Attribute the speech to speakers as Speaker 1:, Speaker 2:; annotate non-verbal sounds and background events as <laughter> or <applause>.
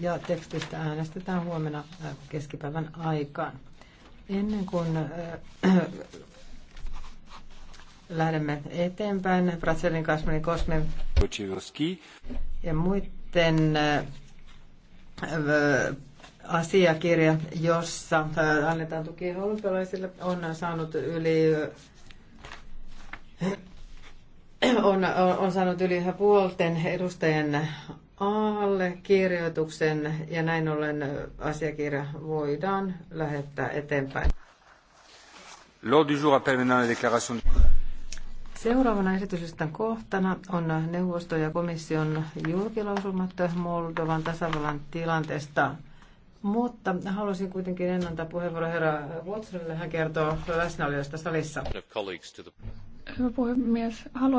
Speaker 1: ja tekstistä äänestetään huomenna äh, keskipäivän aikaan. Ennen kuin äh, äh, <clears throat> lähdemme eteenpäin, Bratselin Kasmanin Kosmen ja muiden äh, asiakirja, jossa äh, annetaan tuki olympialaisille, on saanut yli äh, on, <clears throat> on, on saanut yli puolten edustajien allekirjoituksen ja näin ollen asiakirja voidaan lähettää eteenpäin. Seuraavana esityslistan kohtana on neuvosto ja komission julkilausumat Moldovan tasavallan tilanteesta. Mutta haluaisin kuitenkin ennen antaa puheenvuoro herra Wotsrille. Hän kertoo läsnäolijoista salissa. Hyvä puhemies. Haluan